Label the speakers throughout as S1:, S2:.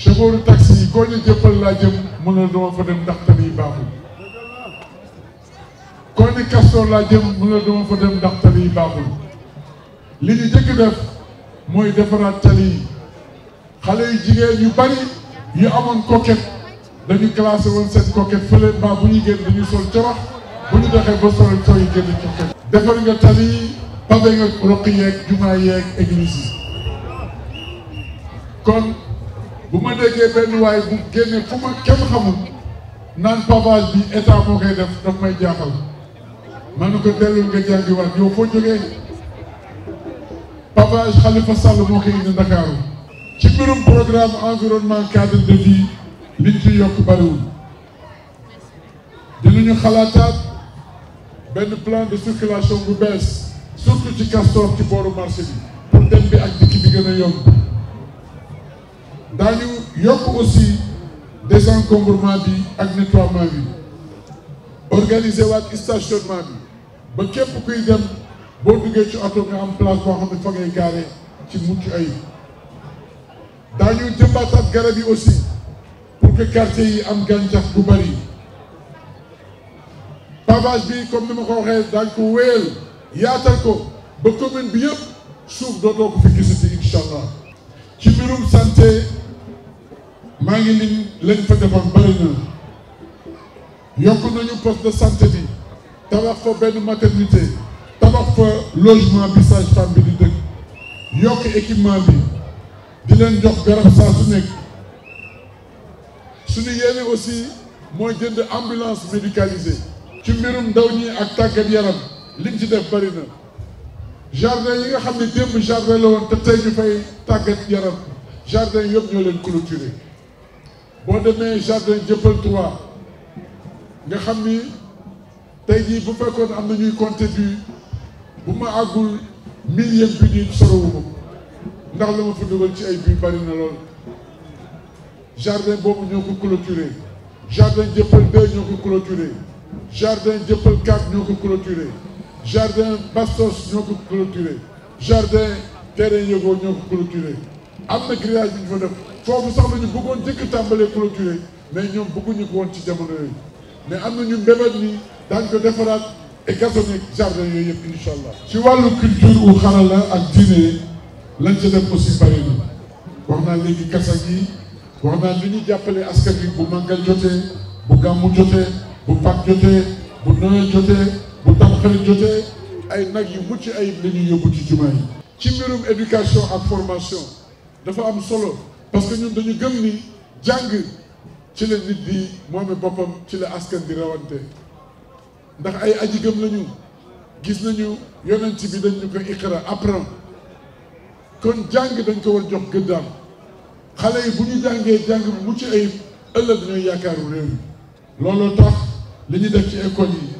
S1: chauffeur taxi yi koo ñu jëppal laa jëm mu ne duma fa dem ndax tali yi baaxul koo ñu laa jëm mu ne duma fa dem ndax tali baaxul li ñu jëkk def mooy defaraat tali xale yu jigéen yu bari yu amoon coquette dañu classé woon seen coquette fële mbaa bu ñuy génn dañu sol corox bu ñu doxee ba sol sooy génn coquette defar nga tali yi nga roqi yeeg jumaa yeeg église bu ma déggee benn waay bu génne fu ma kenn xamul naan pavage bi état moo koy def daf may jaaxal ma ne ko dellul nga jàngiwaat yow foo jógee pavage Khalifa Sall moo koy indi Ndakaaru ci mbirum programme environnement cadre de vie liñ ci yokk bariwul dinañu xalaataat benn plan de circulation bu bees surtout ci Castor ci booru marché bi pour dem bi ak dikki bi gën yomb daañu yokk aussi désencombrement bi ak nettoiement bi organiser waat stationnement bi ba képp kuy dem boo duggee ci oto nga am place boo xam ne fa gaare ci mucc ayib daañu jëmbaataat garab yi aussi pour yi am gàncax bu bari pavage bi comme ni ma ko waxee daañ ko wéyal yaatal ko ba bi yëpp suuf dootoo ko fi gisati ci mbirum santé maa ngi ni lañ fa defoon bëri yokk nañu poste de santé bi tabax fa benn maternité tabax fa logement bi sage-femme di dëkk yokk équipement bi di leen jox garab saa su nekk suñu yéene aussi mooy jënd ambulance médicalisée ci mbirum ndaw ñi ak tàggat yaram liñ ci def bëri jardin yi nga xam ne démb jardin te tey ñu fay tàggat yaram jardin yëpp ñoo leen clôturé boo demee jardin jëppal 3. nga xam ni tey bu ñuy bu ma àggul millième bi sorowuma ndax la ma fa dugal ci ay bi bari na lool jardin boobu ñoo ko clôturé jardin jëppal deux ñoo ko clôturé jardin jëppal quatre ñoo ko jardin Bastos nous clôturé jardin terre Yogo nous ko clôturé amna ñu fa def fofu sax la bëggoon jëkk tambalé clôturé mais nous bëgguñu ko woon ci mais amna ñu Dans ni et gazonné jardin yooyu yëpp ci walu culture où xarala ak diine lañ ci def aussi bari na wax na léegi kassa gi wax na li ñu jappalé askan bi bu mangal bu gamu bu bu màggal ay nag yu mucc ayib la ñuy yóbbu ci jumaa ci mbirum éducation ak formation dafa am solo parce que ñun dañu gëm ni jàng ci la nit di moome boppam ci la askan di rawante ndax ay aji gëm lañu gis nañu yonent bi dañu ko iqra apprend kon jàng dañ ko war jox gëddaam xale yi bu ñu jàngee jàng bu mucc ayib ëllëg ñooy yaakaaru réew mi looloo tax li ñu def ci école yi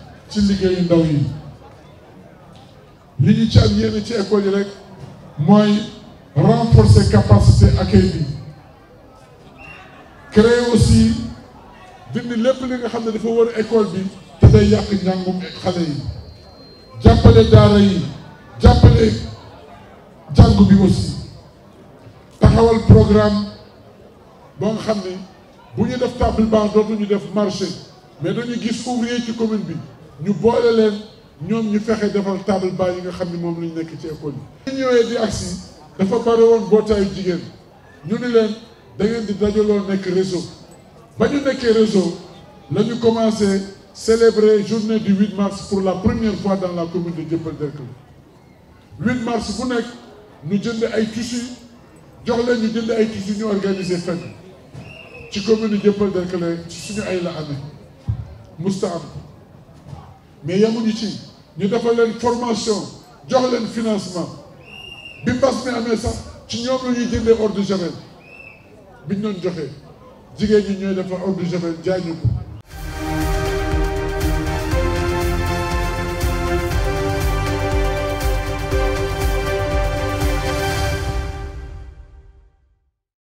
S1: ci liggéeyu ndaw yi li ñu ci am yéene ci école yi rek mooy renforcer capacité accueil bi créer aussi dindi lépp li nga xam ne dafa wër école bi te day yàq njàngum xale yi jàppale daara yi jàppale jàngu bi aussi taxawal programme boo nga xam ne bu ñu def table banc dootuñu def marché mais dañu gis ouvrier ci commune bi ñu boole leen ñoom ñu fexe defal table ba yi nga xam ne moom lañu nekk ci école yi. ñu ñëwee di agsi dafa bare woon mbootaayu jigéen ñu ni leen da ngeen di dajaloo nekk réseau ba ñu nekkee réseau lañu commencé célébrer journée du 8 mars pour la première fois dans la commune de Dieuppeul-Derklé 8 mars bu nekk ñu jënd ay tissus jox leen ñu jënd ay tissus ñu organiser fête ci commune de Dieuppeul-Derklé ci suñu ay la amee musta mais yemuñu ci ñu defal leen formation jox leen financement bi mbas mi amee sax ci ñoom la ñuy jëndee eau javel bi ñu doon joxe jigéen ñi ñooy defar eau de javel jaay ñu ko